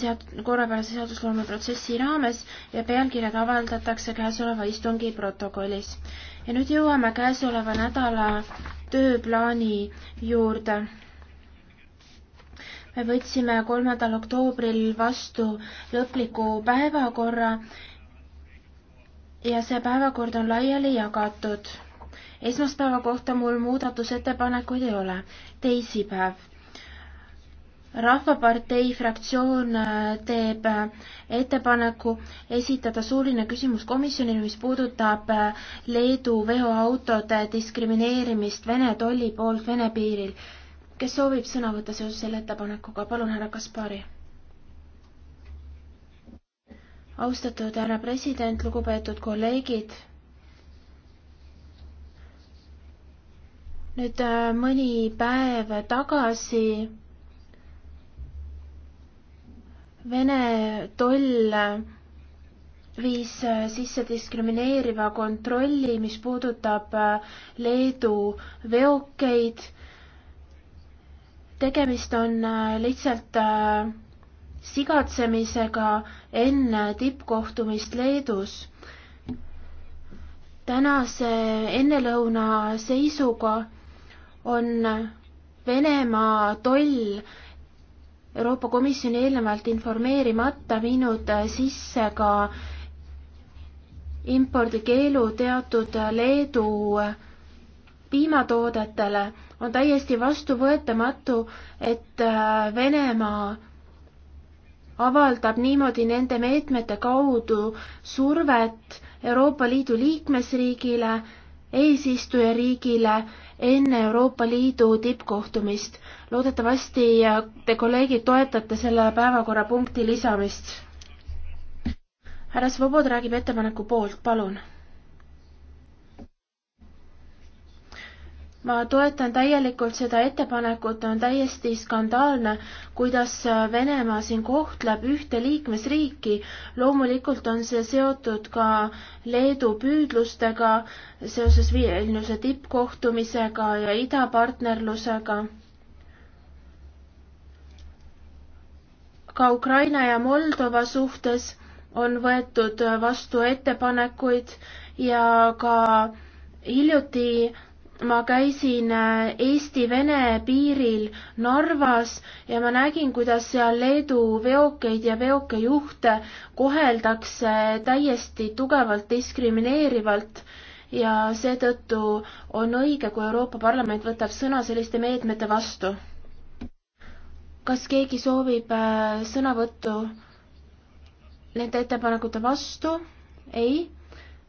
sead-, korrapärase seadusloome protsessi raames ja pealkirjad avaldatakse käesoleva istungi protokollis. ja nüüd jõuame käesoleva nädala tööplaani juurde. me võtsime kolmandal oktoobril vastu lõpliku päevakorra ja see päevakord on laiali jagatud. esmaspäeva kohta mul muudatusettepanekuid ei ole. teisipäev rahvapartei fraktsioon äh, teeb äh, ettepaneku esitada suuline küsimus komisjonile, mis puudutab äh, Leedu veoautode diskrimineerimist Vene tolli poolt Vene piiril. kes soovib sõna võtta seoses selle ettepanekuga, palun, härra Kaspari. austatud härra president, lugupeetud kolleegid. nüüd mõni päev tagasi Vene toll viis sisse diskrimineeriva kontrolli, mis puudutab äh, Leedu veokeid. tegemist on äh, lihtsalt äh, sigatsemisega enne tippkohtumist Leedus. tänase ennelõuna seisuga on Venemaa toll Euroopa Komisjoni eelnevalt informeerimata viinud sisse ka impordikeelu teatud Leedu piimatoodetele, on täiesti vastuvõetamatu, et Venemaa avaldab niimoodi nende meetmete kaudu survet Euroopa Liidu liikmesriigile eesistujariigile enne Euroopa Liidu tippkohtumist. loodetavasti te, kolleegid, toetate selle päevakorrapunkti lisamist. härra Svobod räägib ettepaneku poolt, palun ma toetan täielikult seda ettepanekut, on täiesti skandaalne, kuidas Venemaa siin kohtleb ühte liikmesriiki. loomulikult on see seotud ka Leedu püüdlustega seoses Vilniuse tippkohtumisega ja idapartnerlusega. ka Ukraina ja Moldova suhtes on võetud vastu ettepanekuid ja ka hiljuti ma käisin äh, Eesti-Vene piiril Narvas ja ma nägin, kuidas seal Leedu veokeid ja veokejuhte koheldakse täiesti tugevalt diskrimineerivalt ja seetõttu on õige, kui Euroopa Parlament võtab sõna selliste meetmete vastu. kas keegi soovib äh, sõnavõttu nende ettepanekute vastu? ei?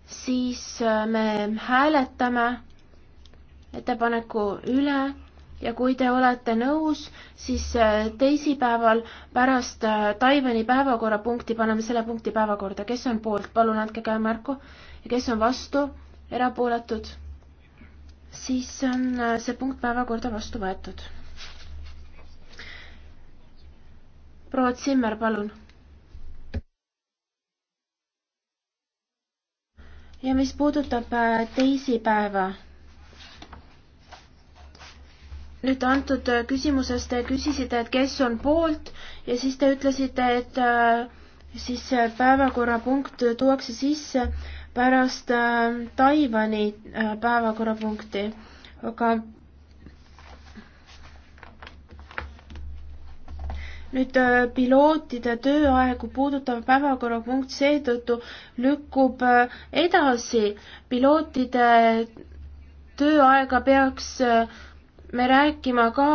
siis äh, me hääletame ettepaneku üle ja kui te olete nõus, siis äh, teisipäeval pärast äh, Taiwan'i päevakorrapunkti paneme selle punkti päevakorda, kes on poolt, palun andke käe märku ja kes on vastu, erapooletud, siis on äh, see punkt päevakorda vastu võetud. proua Zimmer, palun. ja mis puudutab teisipäeva nüüd antud äh, küsimuses te küsisite, et kes on poolt ja siis te ütlesite, et äh, siis päevakorrapunkt tuuakse sisse pärast äh, Taiwan'i päevakorrapunkti, aga nüüd pilootide tööaegu puudutav päevakorrapunkt seetõttu lükkub edasi. pilootide tööaega peaks äh, me rääkima ka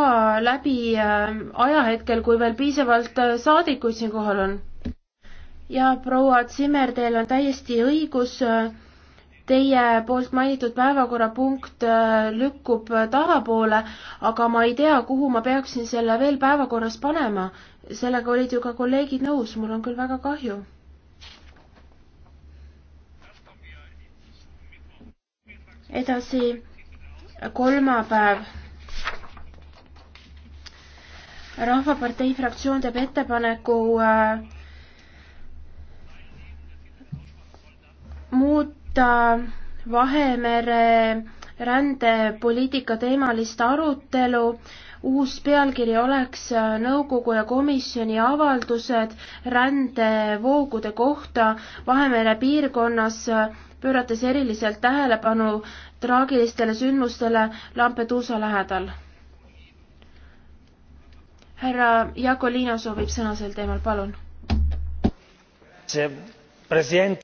läbi äh, ajahetkel, kui veel piisavalt äh, saadikuid siin kohal on. ja proua Zimmer, teil on täiesti õigus, äh, teie poolt mainitud päevakorrapunkt lükkub tahapoole, aga ma ei tea, kuhu ma peaksin selle veel päevakorras panema. sellega olid ju ka kolleegid nõus, mul on küll väga kahju edasi kolmapäev rahvapartei fraktsioon teeb ettepaneku äh, muuta Vahemere rändepoliitika teemalist arutelu. uus pealkiri oleks äh, nõukogu ja komisjoni avaldused rändevoogude kohta Vahemere piirkonnas, äh, pöörates eriliselt tähelepanu traagilistele sündmustele Lampeduusa lähedal härra Jakolino soovib sõna sel teemal, palun. president.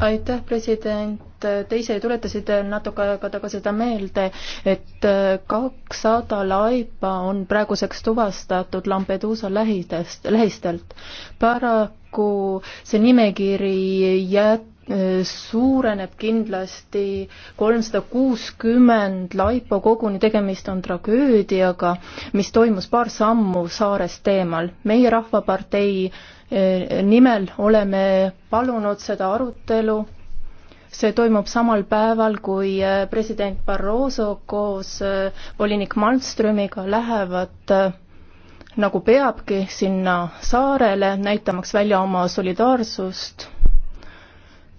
aitäh, president. Te ise tuletasite natuke aega tagasi seda meelde, et kakssada laipa on praeguseks tuvastatud Lampeduusa lähidest, lähistelt. paraku see nimekiri jät-, suureneb kindlasti kolmsada kuuskümmend laipo koguni, tegemist on tragöödiaga, mis toimus paar sammu saarest eemal. meie Rahvapartei eh, nimel oleme palunud seda arutelu, see toimub samal päeval, kui eh, president Barroso koos eh, volinik Malmströmiga lähevad nagu peabki sinna saarele, näitamaks välja oma solidaarsust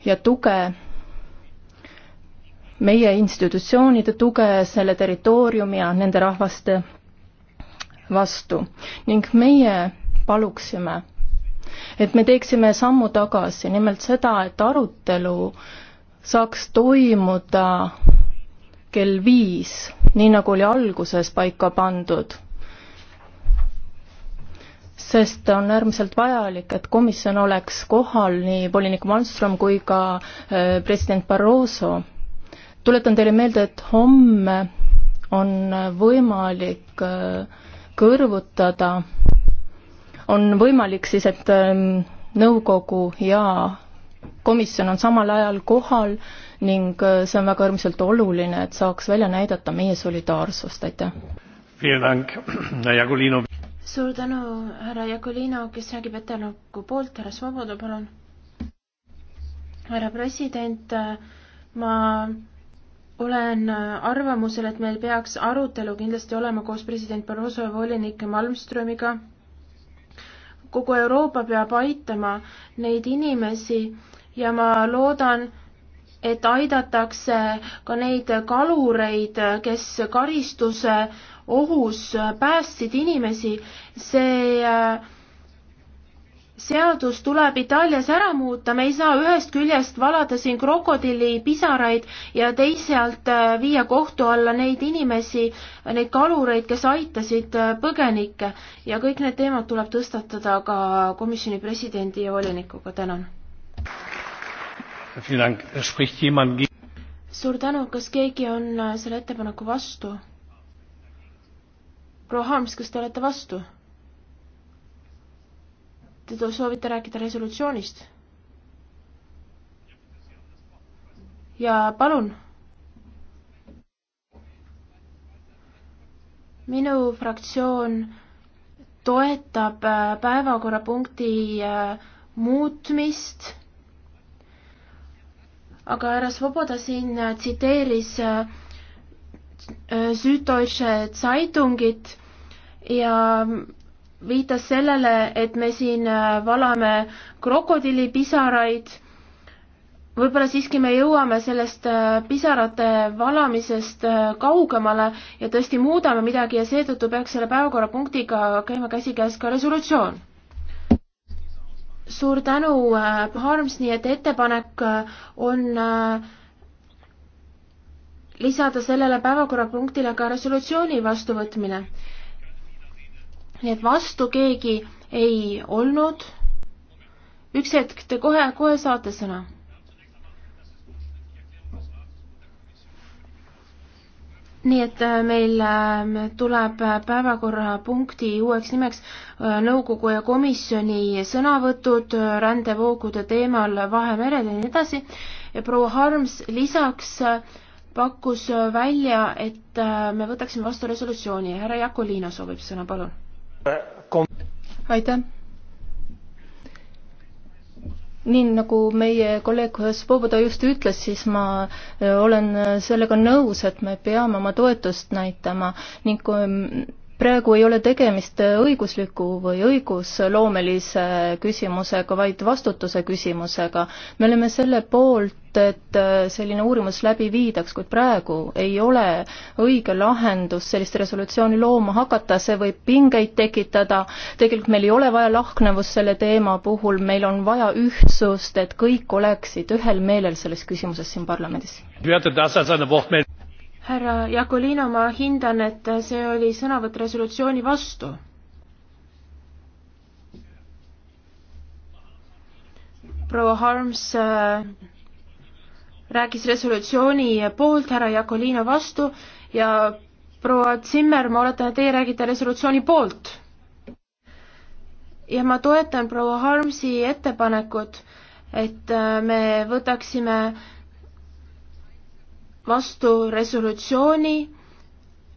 ja tuge, meie institutsioonide tuge selle territooriumi ja nende rahvaste vastu ning meie paluksime, et me teeksime sammu tagasi, nimelt seda, et arutelu saaks toimuda kell viis, nii nagu oli alguses paika pandud sest on äärmiselt vajalik, et komisjon oleks kohal nii volinik Malmström kui ka äh, president Barroso. tuletan teile meelde, et homme on võimalik äh, kõrvutada, on võimalik siis, et ähm, nõukogu ja komisjon on samal ajal kohal ning äh, see on väga äärmiselt oluline, et saaks välja näidata meie solidaarsust, aitäh! suur tänu, härra Jakolino, kes räägib ettepaneku poolt, härra Svoboda, palun. härra president, ma olen arvamusel, et meil peaks arutelu kindlasti olema koos president Barroso ja volinik Malmströmiga. kogu Euroopa peab aitama neid inimesi ja ma loodan, et aidatakse ka neid kalureid, kes karistuse ohus, äh, päästsid inimesi, see äh, seadus tuleb Itaalias ära muuta, me ei saa ühest küljest valada siin krokodillipisaraid ja teisalt äh, viia kohtu alla neid inimesi, neid kalureid, kes aitasid põgenikke ja kõik need teemad tuleb tõstatada ka komisjoni presidendi ja volinikuga, tänan. suur tänu, kas keegi on selle ettepaneku vastu? proua Harms, kas te olete vastu? Te soovite rääkida resolutsioonist? ja palun. minu fraktsioon toetab äh, päevakorrapunkti äh, muutmist, aga härra Svoboda siin äh, tsiteeris Süddeutsche Zeitungit ja viitas sellele, et me siin äh, valame krokodillipisaraid. võib-olla siiski me jõuame sellest äh, pisarate valamisest äh, kaugemale ja tõesti muudame midagi ja seetõttu peaks selle päevakorrapunktiga käima käsikäes ka resolutsioon. suur tänu, Harms, nii et ettepanek on lisada sellele päevakorrapunktile ka resolutsiooni vastuvõtmine nii et vastu keegi ei olnud. üks hetk, te kohe, kohe saate sõna. nii et äh, meil äh, tuleb päevakorrapunkti uueks nimeks äh, nõukogu ja komisjoni sõnavõtud rändevoogude teemal Vahemerel ja nii edasi ja proua Harms lisaks pakkus välja, et me võtaksime vastu resolutsiooni. härra Jakolino soovib sõna, palun aitäh. nii nagu meie kolleeg Svoboda just ütles, siis ma äh, olen sellega nõus, et me peame oma toetust näitama ning kui ähm, praegu ei ole tegemist õigusliku või õigusloomelise küsimusega, vaid vastutuse küsimusega. me oleme selle poolt, et selline uurimus läbi viidaks, kuid praegu ei ole õige lahendus sellist resolutsiooni looma hakata, see võib pingeid tekitada, tegelikult meil ei ole vaja lahknevust selle teema puhul, meil on vaja ühtsust, et kõik oleksid ühel meelel selles küsimuses siin parlamendis härra Jakolino, ma hindan, et see oli sõnavõtt resolutsiooni vastu. proua Harms äh, rääkis resolutsiooni poolt, härra Jakolino vastu ja proua Zimmer, ma oletan, et teie räägite resolutsiooni poolt. ja ma toetan proua Harmsi ettepanekut, et äh, me võtaksime äh, vastu resolutsiooni,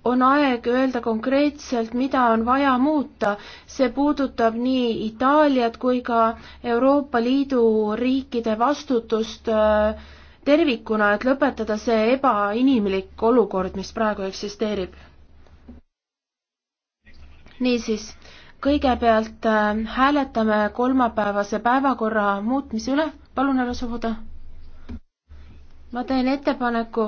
on aeg öelda konkreetselt, mida on vaja muuta. see puudutab nii Itaaliat kui ka Euroopa Liidu riikide vastutust äh, tervikuna, et lõpetada see ebainimlik olukord, mis praegu eksisteerib. niisiis, kõigepealt äh, hääletame kolmapäevase päevakorra muutmise üle, palun härra Soboda ma teen ettepaneku,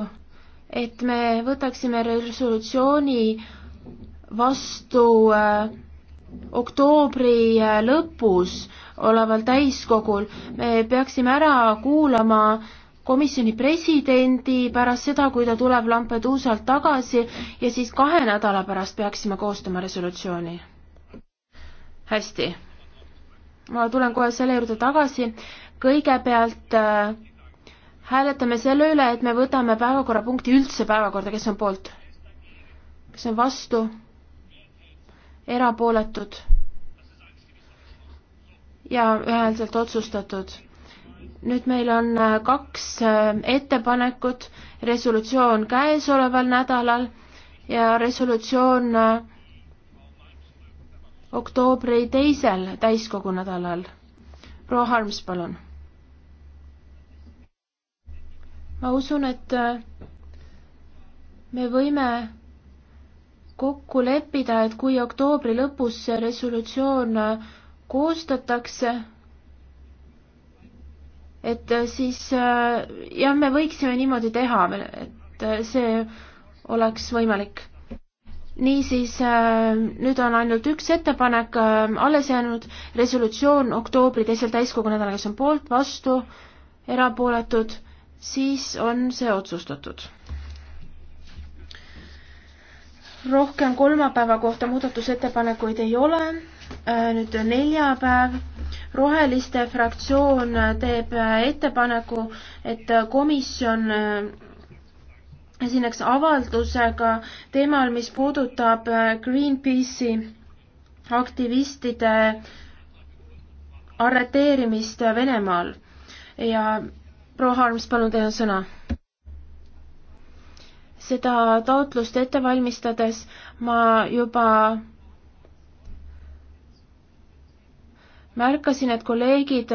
et me võtaksime resolutsiooni vastu äh, oktoobri äh, lõpus oleval täiskogul. me peaksime ära kuulama komisjoni presidendi pärast seda, kui ta tuleb Lampeduusalt tagasi ja siis kahe nädala pärast peaksime koostama resolutsiooni. hästi. ma tulen kohe selle juurde tagasi. kõigepealt äh, hääletame selle üle, et me võtame päevakorrapunkti üldse päevakorda, kes on poolt? kes on vastu? erapooletud? ja ühehäälselt otsustatud. nüüd meil on äh, kaks äh, ettepanekut, resolutsioon käesoleval nädalal ja resolutsioon äh, oktoobri teisel täiskogu nädalal. proua Harms, palun ma usun, et äh, me võime kokku leppida, et kui oktoobri lõpus see resolutsioon äh, koostatakse, et äh, siis jah, me võiksime niimoodi teha, et see oleks võimalik. niisiis, nüüd on ainult üks ettepanek alles jäänud, resolutsioon oktoobri teisel täiskogu nädalal, kes on poolt, vastu, erapooletud siis on see otsustatud. rohkem kolmapäeva kohta muudatusettepanekuid ei ole. Äh, nüüd neljapäev. roheliste fraktsioon teeb äh, ettepaneku, et komisjon äh, esineks avaldusega teemal, mis puudutab Greenpeace'i aktivistide arreteerimist Venemaal ja proua Harms, palun teie sõna. seda taotlust ette valmistades ma juba märkasin, et kolleegid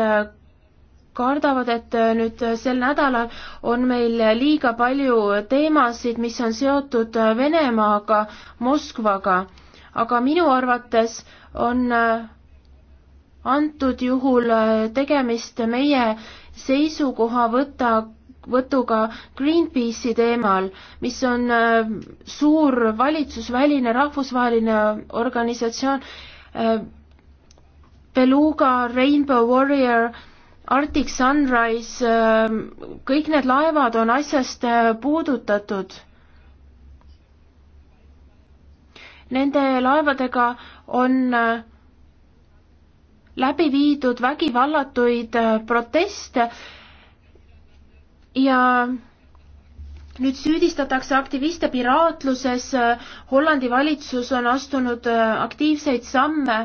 kardavad, et nüüd sel nädalal on meil liiga palju teemasid, mis on seotud Venemaaga, Moskvaga, aga minu arvates on antud juhul äh, tegemist meie seisukohavõtta võtuga Greenpeace'i teemal, mis on äh, suur valitsusväline rahvusvaheline organisatsioon äh, Beluga, Rainbow Warrior, Arctic Sunrise, kõik need laevad on asjast puudutatud. Nende laevadega on läbi viidud vägivallatuid äh, proteste ja nüüd süüdistatakse aktiviste piraatluses, äh, Hollandi valitsus on astunud äh, aktiivseid samme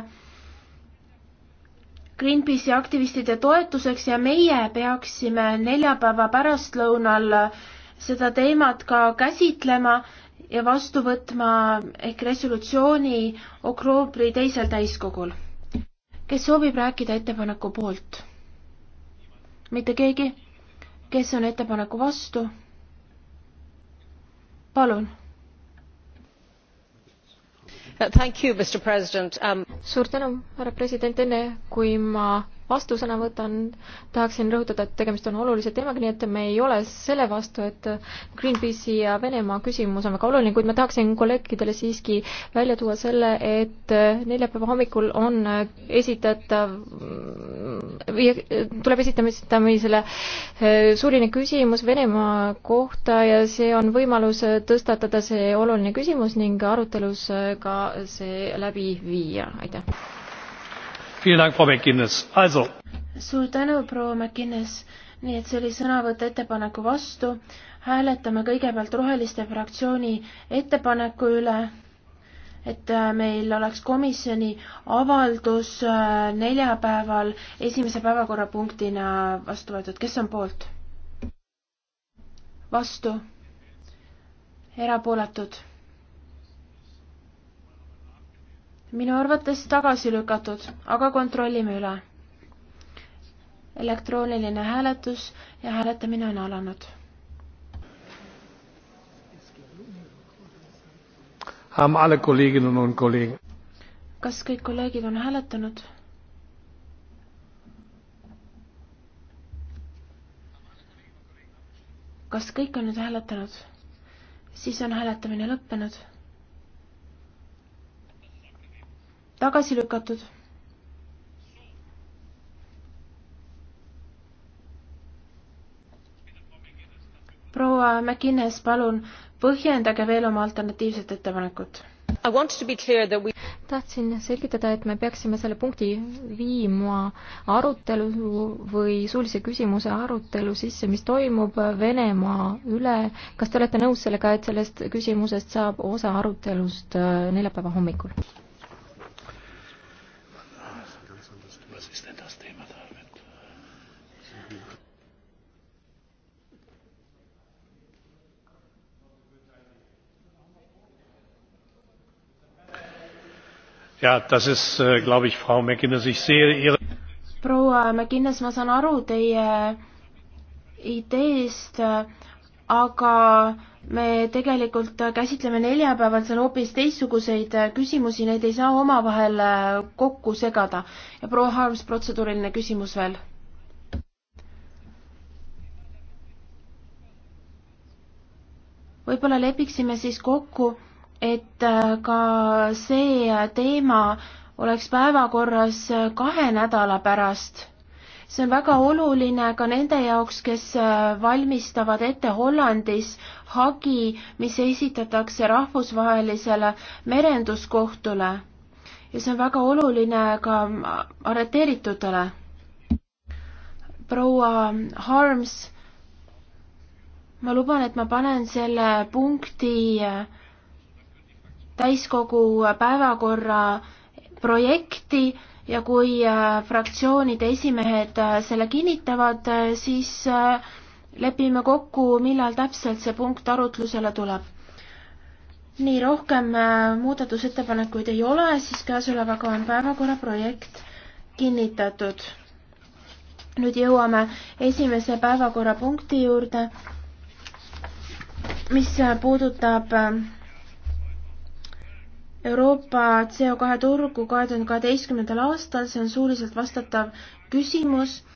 Greenpeace'i aktivistide toetuseks ja meie peaksime neljapäeva pärastlõunal seda teemat ka käsitlema ja vastu võtma ehk resolutsiooni oktoobri teisel täiskogul kes soovib rääkida ettepaneku poolt? mitte keegi? kes on ettepaneku vastu? palun. You, um... suur tänu, härra president, enne kui ma vastusõnavõtt on, tahaksin rõhutada, et tegemist on olulise teemaga, nii et me ei ole selle vastu, et Greenpeace'i ja Venemaa küsimus on väga oluline, kuid ma tahaksin kolleegidele siiski välja tuua selle, et neljapäeva hommikul on esitatav, tuleb esitamisele eh, suuline küsimus Venemaa kohta ja see on võimalus tõstatada see oluline küsimus ning arutelus eh, ka see läbi viia, aitäh suur tänu, proua McInnes. nii et see oli sõnavõtt ettepaneku vastu. hääletame kõigepealt Roheliste fraktsiooni ettepaneku üle, et äh, meil oleks komisjoni avaldus äh, neljapäeval esimese päevakorrapunktina vastu võetud. kes on poolt? vastu? erapooletud? minu arvates tagasi lükatud, aga kontrollime üle. elektrooniline hääletus ja hääletamine on alanud. kas kõik kolleegid on hääletanud? kas kõik on nüüd hääletanud? siis on hääletamine lõppenud tagasi lükatud. proua McInnes, palun põhjendage veel oma alternatiivset ettepanekut. We... tahtsin selgitada, et me peaksime selle punkti viima arutelu või suulise küsimuse arutelu sisse, mis toimub Venemaa üle. kas te olete nõus sellega, et sellest küsimusest saab osa arutelust äh, neljapäeva hommikul? Ja, ist, äh, ich, Frau McInnes, ich sehe Ihre proua McInnes, ma saan aru teie ideest, aga me tegelikult käsitleme neljapäeval seal hoopis teistsuguseid küsimusi, neid ei saa omavahel kokku segada. ja proua Harms, protseduuriline küsimus veel. võib-olla lepiksime siis kokku et äh, ka see äh, teema oleks päevakorras äh, kahe nädala pärast. see on väga oluline ka nende jaoks, kes valmistavad ette Hollandis hagi, mis esitatakse rahvusvahelisele merenduskohtule. ja see on väga oluline ka arreteeritutele. proua Harms, ma luban, et ma panen selle punkti äh, täiskogu päevakorra projekti ja kui äh, fraktsioonide esimehed äh, selle kinnitavad, äh, siis lepime kokku, millal täpselt see punkt arutlusele tuleb. nii, rohkem muudatusettepanekuid ei ole, siis käesolevaga on päevakorra projekt kinnitatud. nüüd jõuame esimese päevakorrapunkti juurde, mis puudutab Euroopa CO2 turgu kahe tuhande kaheteistkümnendal aastal, see on suuliselt vastatav küsimus.